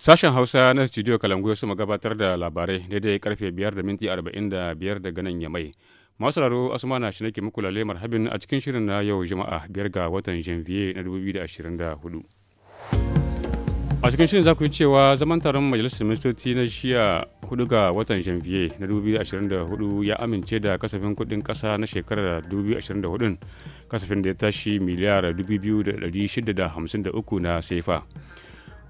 Sashen Hausa na Studio Kalangu su gabatar da labarai daidai karfe 5 da minti 45 daga nan Yamai. Masu raro Asmana shi nake muku lalle marhabin a cikin shirin na yau Juma'a biyar ga watan Janvier na 2024. A cikin shirin za ku yi cewa zaman taron Majalisar Ministoci na shiya 4 ga watan Janvier na 2024 ya amince da kasafin kuɗin ƙasa na shekarar 2024 kasafin da ya tashi miliyar 2,653 na sefa.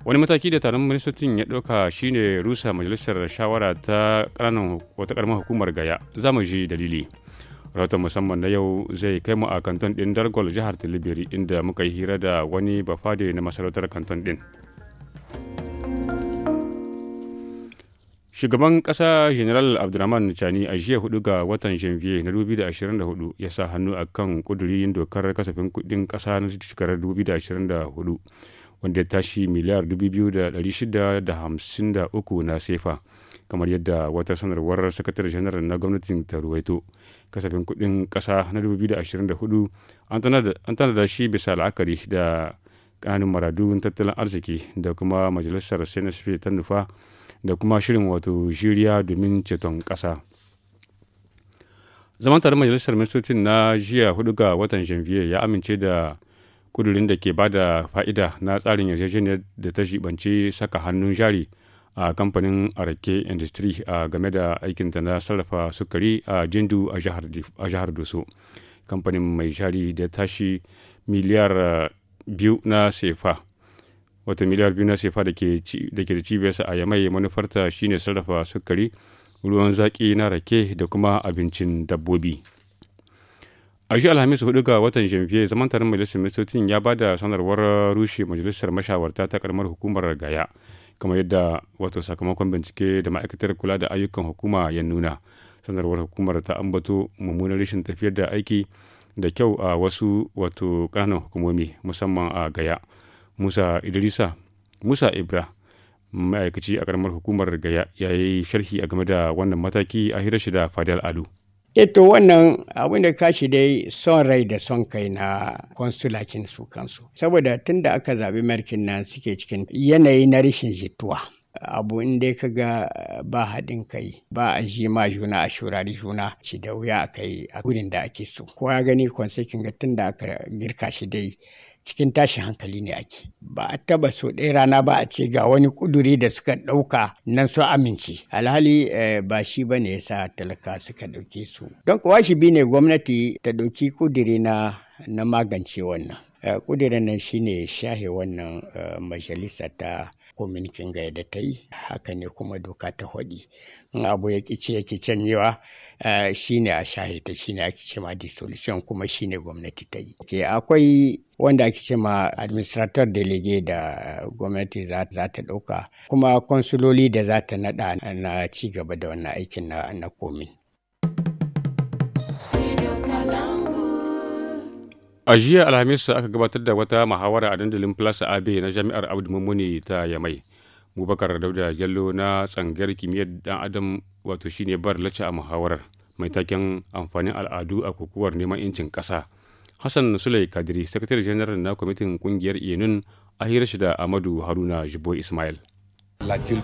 wani mataki da taron ministocin ya ɗauka shine rusa majalisar shawara ta ƙananan wata ƙaramar hukumar gaya za mu ji dalili rahoton musamman na yau zai kai mu a kanton ɗin dargol jihar tilibiri inda muka yi hira da wani bafade na masarautar kanton ɗin shugaban ƙasa general abdulrahman chani a jiya hudu ga watan janvier na 2024 ya sa hannu akan kudurin dokar kasafin kuɗin ƙasa na shekarar 2024 wanda ya tashi miliyar 2,653 na sefa kamar yadda wata sanarwar sakatar janar na gwamnatin ta ruwaito kasafin kudin kasa na 2024 an tanada shi bisa la'akari da kananan maradun tattalin arziki da kuma majalisar cnsp ta nufa da kuma shirin wato jiriya domin ceton kasa zaman tare majalisar ministocin na jiya hudu ga watan janvier ya amince da kudurin da ke bada fa'ida na tsarin yarjejeniyar da ta shibance saka hannun jari a kamfanin arake industry a game da aikinta na sarrafa sukari a jindu a jihar doso kamfanin mai jari da tashi miliyar eh, biyu na sefa wata miliyar biyu na sefa da ke da cibiyarsa a yamai manufarta shine sarrafa sukari ruwan zaƙi na rake da kuma abincin dabbobi. a shi alhamis hudu ga watan janvier zaman taron majalisar ministocin ya ba da sanarwar rushe majalisar mashawarta ta karamar hukumar gaya kamar yadda wato sakamakon bincike da ma'aikatar kula da ayyukan hukuma ya nuna sanarwar hukumar ta ambato mummunar rashin tafiyar da aiki da kyau a wasu wato ƙananan hukumomi musamman a gaya musa idrisa musa ibra ma'aikaci a karamar hukumar gaya ya yi sharhi a game da wannan mataki a hirar shi da fadal alu Eh, to wannan abin da kashi dai son rai da son kai na konsulakin su kansu saboda tunda aka zaɓi merkin nan suke cikin yanayi na rashin jituwa abu in dai ka ga eh, ba haɗin kai ba a ji ma juna a shurari juna shi da wuya a kai a gurin da ake so ko ya gani kwansekin ga tun da aka girka shi dai cikin tashin hankali ne ake ba a taba so ɗaya rana ba a ce ga wani kuduri da suka ɗauka nan su amince alhali eh, ba shi ba ne yasa talaka suka ɗauke su don kuwa shi bi ne gwamnati ta ɗauki kuduri na na magance wannan ƙudurin eh, nan shine shahe wannan eh, majalisa ta kominkin gaya da ta yi haka ne kuma doka ta hwaɗi in abu ya kice ya kicen yawa eh, shine a shahe ta shine ake ce ma dissolution kuma shine gwamnati ta yi akwai wanda ake ce ma administrator delege da gwamnati za ta ɗauka kuma konsuloli da za ta naɗa na ci gaba da wannan aikin na komin A jiya Alhamis aka gabatar da wata muhawara a dandalin Plaza Abe na Jami'ar Abdu Mummuni ta Yamai. Bubakar Dauda Jallo na tsangayar kimiyyar dan Adam wato shine bar lacca a muhawarar mai taken amfanin al'adu a kokuwar neman incin ƙasa. Hassan Sulai Kadiri, sakatare janar na kwamitin ƙungiyar enun a hira da Amadu Haruna Jibo Ismail. Al'adu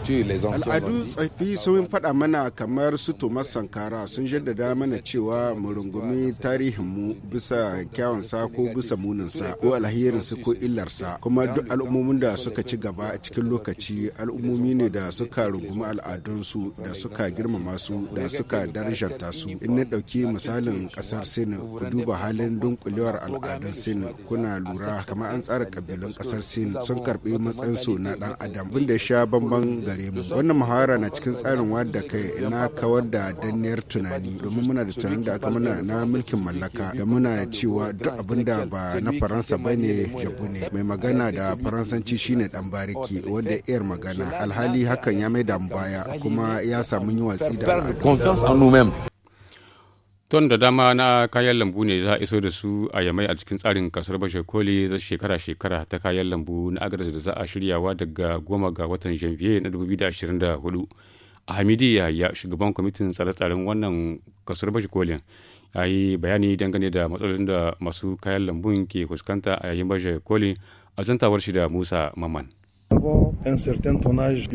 tsafi sun faɗa mana kamar su Thomas Sankara sun jaddada mana cewa mu rungumi tarihinmu bisa kyawunsa ko bisa muninsa ko alherinsa ko illarsa kuma duk al'ummomin da suka ci gaba a cikin lokaci al'ummomi ne da suka rungumi al'adunsu da suka girmama su da suka darajarta su. In na ɗauki misalin ƙasar Sin ku duba halin dunkulewar al'adun Sin kuna lura kamar an tsara kabilun ƙasar Sin sun karɓi matsayinsu na ɗan adam. Bin da sha muhimman gare mu wannan muhawara na cikin tsarin wadda kai na kawar da danniyar tunani domin muna da tunanin da aka muna na mulkin mallaka da muna cewa duk abin da ba na faransa ba ne yabu ne mai magana da faransanci shine dan bariki wanda iyar magana alhali hakan ya mai da mu baya kuma ya samu yi watsi da al'adu ton da dama na kayan lambu ne za a iso da su a yamai a cikin tsarin kasar bashar koli za shekara-shekara ta kayan lambu na agadas da za a shiryawa daga goma ga watan janvier na 2024 a hamidi yahaya shugaban kwamitin tsare-tsaren wannan kasar bashar kolin ya yi bayani dangane da matsalolin da masu kayan lambun ke fuskanta a yayin bashar kolin a zantawar shi da musa maman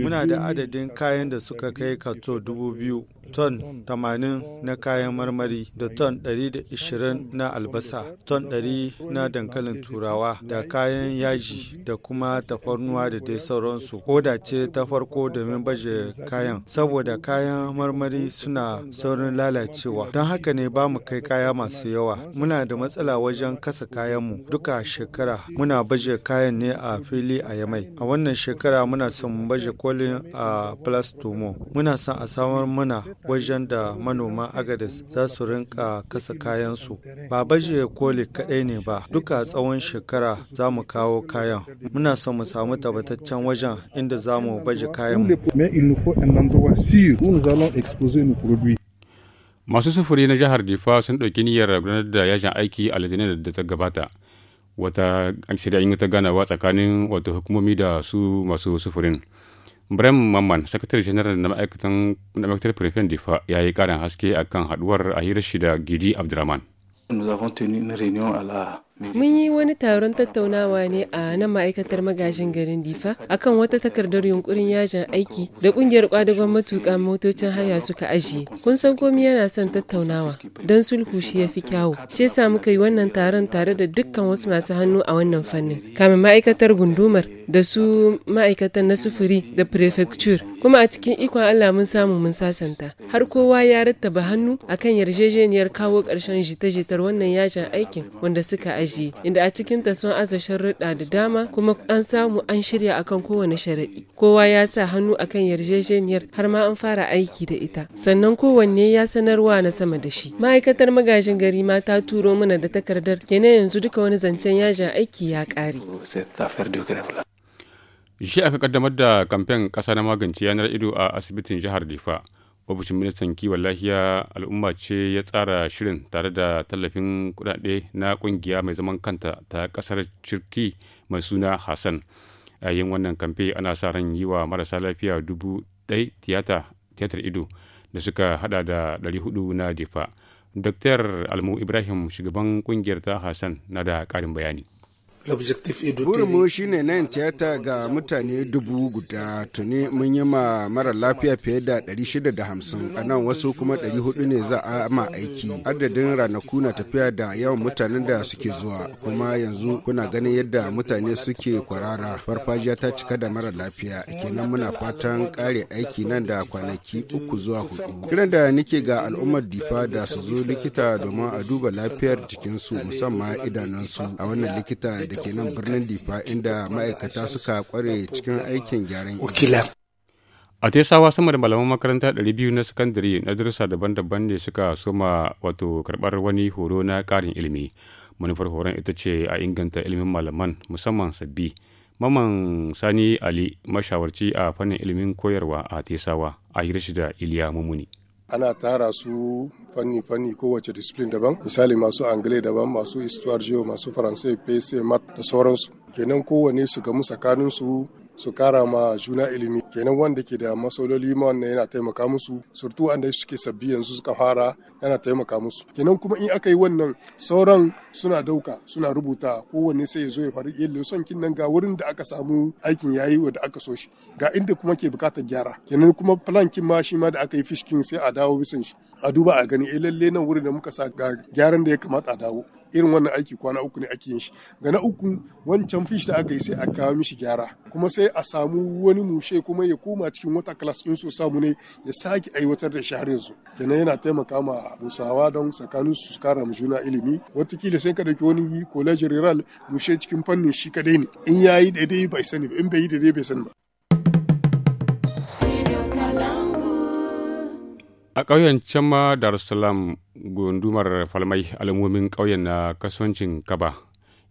muna da adadin kayan da suka kai kato dubu biyu ton 80 na kayan marmari da ton 120 na albasa, ton 100 na dankalin turawa da kayan yaji da kuma tafarnuwa da dai sauransu. Oda ce ta farko domin baje kayan, saboda kayan marmari suna saurin lalacewa. Don haka ne ba mu kai kaya masu yawa. Muna da matsala wajen kasa kayanmu duka shekara muna baje kayan ne a fili a yamai. A wannan shekara muna son baje kolin a Plastomo. Muna son a samar mana wajen da manoma agadis za su rinka kasa kayansu ba baje koli kaɗai ne ba duka tsawon shekara za mu kawo kayan muna son mu samu tabbataccen wajen inda za mu baje kayan masu sufuri na jihar difa sun ɗauki niyyar gudanar da yajin aiki a litinin da ta gabata wata shirya wata ganawa tsakanin wata hukumomi da su masu sufurin Brem Mamman, sakatare janar na ma'aikatan na ma'aikatar Prefen Difa ya yi ƙarin haske akan haduwar a hirar shi da Gidi Abdurrahman. Nous avons tenu une réunion à la Mun yi wani taron tattaunawa ne a nan ma'aikatar magajin garin Difa akan wata takardar yunkurin yajin aiki da kungiyar kwadagon matuƙa motocin haya suka ajiye. Kun san komi yana son tattaunawa don sulhu shi ya fi kyawu. Shi yasa muka yi wannan taron tare da dukkan wasu masu hannu a wannan fannin. Kamin ma'aikatar gundumar da su ma'aikatan na sufuri da prefecture kuma a cikin ikon Allah mun samu mun sasanta har kowa ya rattaba hannu akan yarjejeniyar kawo ƙarshen jita-jitar wannan yajin aikin wanda suka ajiye. waje inda a cikin ta sun aza sharuɗa da dama kuma an samu an shirya akan kowane sharaɗi kowa ya sa hannu akan yarjejeniyar har ma an fara aiki da ita sannan kowanne ya sanarwa na sama da shi ma'aikatar magajin gari ma ta turo mana da takardar kene yanzu duka wani zancen yajin aiki ya ƙare shi aka kaddamar da kamfen ƙasa na magance yanar ido a asibitin jihar difa ofishin ministan kiwon lafiya al'umma ce ya tsara shirin tare da tallafin kudade na kungiya mai zaman kanta ta kasar cirki mai suna hassan a yin wannan kamfe ana sa ran yi wa marasa lafiya dubu ɗai tiyatar ido da suka hada da hudu na difa dr almu ibrahim shugaban kungiyar ta hassan na da karin bayani mu shine nan tiyata ga mutane dubu guda tuni mun yi ma mara lafiya fiye da 650 a nan wasu kuma 400 ne za a ma aiki adadin ranaku na tafiya da yawan mutanen da suke zuwa kuma yanzu kuna ganin yadda mutane suke kwarara farfajiya ta cika da mara lafiya kenan muna fatan kare aiki nan da kwanaki uku zuwa hudu kiran da nike ga al'ummar difa da su zo likita domin a duba lafiyar jikinsu musamman idanunsu a wannan likita da ke nan birnin Difa inda ma'aikata suka kware cikin aikin gyaran ido. a tesawa sama da malaman makaranta 200 na sakandare na darussa daban-daban ne suka soma wato karbar wani horo na karin ilimi manufar horon ita ce a inganta ilimin malaman musamman sabbi maman sani ali mashawarci a fannin ilimin koyarwa a tesawa a hirshi da iliya mumuni ana tara su fanni-fanni kowace discipline daban misali masu angle daban masu histoire geo masu faransai pc mat da sauransu kenan kowane su gamu tsakaninsu su kara ma juna ilimi kenan wanda ke da masololi ma wannan yana taimaka musu surtu wanda suke sabbi yanzu suka fara yana taimaka musu kenan kuma in aka yi wannan sauran suna dauka suna rubuta kowanne sai ya zo ya faru yin son kin nan ga wurin da aka samu aikin yayi wa da aka so shi ga inda kuma ke bukatar gyara kenan kuma plan kin ma shi ma da aka yi fishkin sai a dawo bisan shi a duba a gani eh lalle nan wurin da muka sa ga gyaran da ya kamata a dawo irin wannan aiki kwana uku ne ake yin shi ga na uku wancan fish da aka yi sai a kawo mishi gyara kuma sai a samu wani mushe kuma ya koma cikin wata class in so samu ne ya sake aiwatar da shi har yanzu kenan yana taimaka ma musawa don tsakanin su kara mu juna ilimi watakila sai ka dauki wani college rural mushe cikin fannin shi kadai ne in yayi daidai bai sani ba in bai yi daidai bai sani ba A ƙauyen Cama Salaam gundumar falmai alamomin ƙauyen na kasuwancin kaba.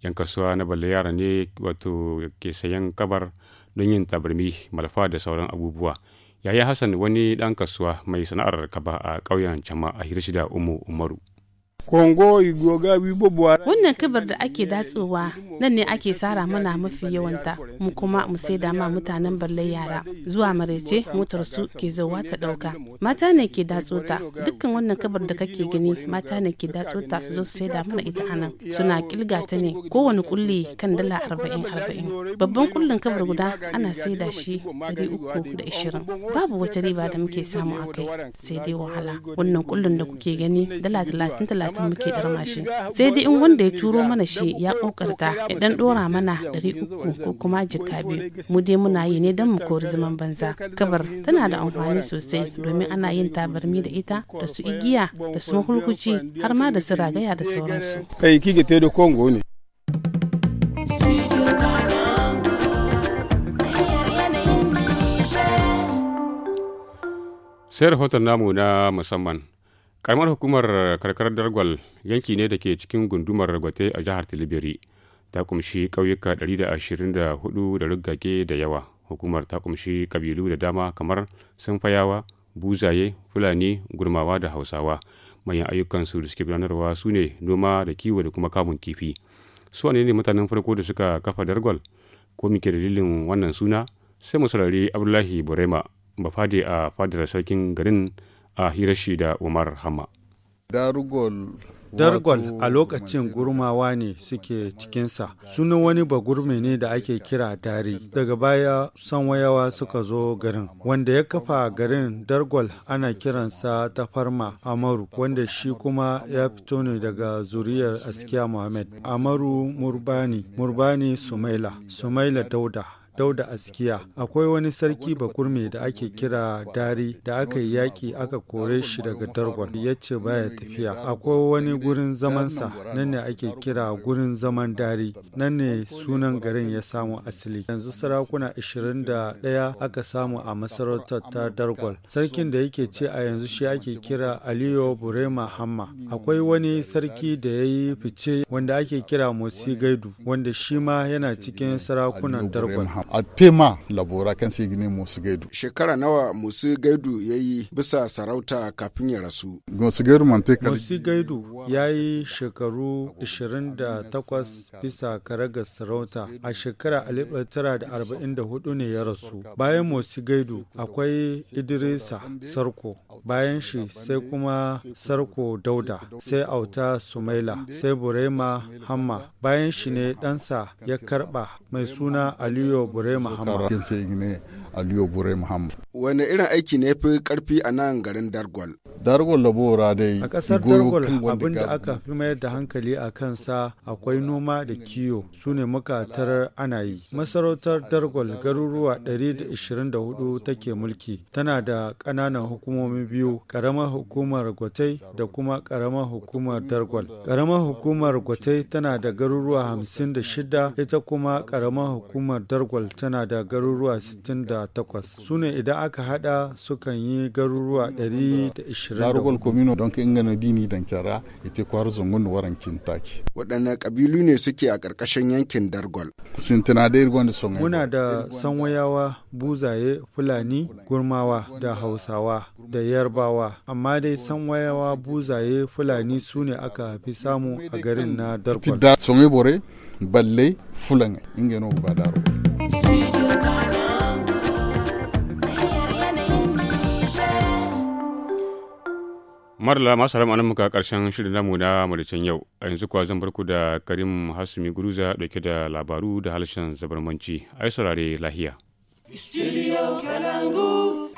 ‘Yan kasuwa na balle yara ne wato ke sayan kabar don yin tabarmi, malfa da sauran abubuwa. Yaya Hassan wani ɗan kasuwa mai sana'ar kaba a ƙauyen Cama a Hirshida Umu Umaru. Wannan kabar da ake datsowa nan ne ake sara mana mafi yawanta mu kuma mu saida ma mutanen barle yara zuwa marece motar su ke zauwa ta dauka. Mata ne ke datso ta dukkan wannan kabar da kake gani mata ne ke datso ta su zo su saida mana ita anan suna kilga ta ne kowane kulle kan dala arba'in arba'in babban kullin kabar guda ana saida shi dari uku da ishirin babu wata riba da muke samu a kai sai dai wahala wannan kullin da kuke gani dala talatin talatin talatin muke irma shi sai dai in wanda ya turo mana shi ya kokarta ya dan dora mana ɗari uku ko kuma jika biyu mu dai muna yi ne don mu kori zaman banza kabar tana da amfani sosai domin ana yin tabarmi da ita da su igiya da su mahulkuci har ma da su ragaya da sauransu kai kike te da kongo ne sai rahoton namu na musamman karamar hukumar Karkar dargwal yanki ne da ke cikin gundumar gwate a jihar tilibiri ta kumshi ƙauyuka 124 da ruggage da yawa hukumar ta kumshi kabilu da dama kamar sunfayawa buzaye fulani gurmawa da hausawa manyan ayyukansu da suke gudanarwa su ne noma da kiwo da kuma kamun kifi su wane ne mutanen farko da suka kafa dargwal ko muke dalilin wannan suna sai mu saurari abdullahi burema bafade a fadar sarkin garin a hirashi da Umar Hama. Dargol a lokacin gurmawa ne suke cikinsa. Sunan wani bagurme ne da ake kira dari Daga baya wayawa suka zo garin. Wanda ya kafa garin Dargol ana kiransa ta farma Amaru, wanda shi kuma ya fito ne daga zuriyar Askiya Muhammad. Amaru Murbani, Murbani Sumaila, Sumaila Dauda. dauda askiya akwai wani sarki bakurme da ake kira dari da aka yi yaƙi aka kore shi daga dargon ya ce baya tafiya akwai wani gurin zamansa nan ne ake kira gurin zaman dari nan ne sunan garin ya samu asali yanzu sarakuna 21 aka samu a masarautar ta dargwal sarkin da yake ce a yanzu shi ake kira aliyo burema hamma akwai wani sarki da ya yi fice wanda ake kira mosi gaidu wanda shi ma yana cikin sarakunan dargwal a tema labora kan sai gini musu gaidu. Shekara nawa musu gaidu ya yi bisa sarauta kafin ya rasu. Musu gaidu mantekar. Musu gaidu ya yi shekaru 28 bisa karagar sarauta a shekara 1944 ne ya rasu. Bayan musu gaidu akwai Idrisa Sarko. Bayan shi sai kuma Sarko Dauda, sai Auta Sumaila, sai Burema Hamma. Bayan shi ne ɗansa ya karɓa mai suna Aliyu Bure Muhammad. ne Aliyu Bure Muhammad. Wane irin aiki ne fi karfi a nan garin Dargwal? dargol labora dai a kasar dargol abin da aka fi mayar da hankali a kansa akwai noma da kiyo su ne muka tarar ana yi masarautar dargol garuruwa 124 take mulki tana da ƙananan hukumomi biyu ƙaramar hukumar gwatai da kuma ƙaramar hukumar dargol ƙaramar hukumar gwatai tana da garuruwa 56 ita kuma ƙaramar hukumar dargol tana da garuruwa 68 su ne idan aka haɗa sukan yi garuruwa 120 larugol komino don ka ingana dini dan kyara ita kwaru zungun waran kintaki waɗannan kabilu ne suke a ƙarƙashin yankin dargol sintina da irgon da sun muna da sanwayawa buzaye fulani gurmawa da hausawa da yarbawa amma dai sanwayawa buzaye fulani su ne aka fi samu a garin na dargol sun bore balle fulani, ingeno ba daro Marla masu haram anan muka karshen shirin namu na madacin yau a yanzu kuwa zan barku da Karim Hasumi Guruza dauke da labaru da halshen zabarmanci ai saurare lahiya. Studio Kalangu.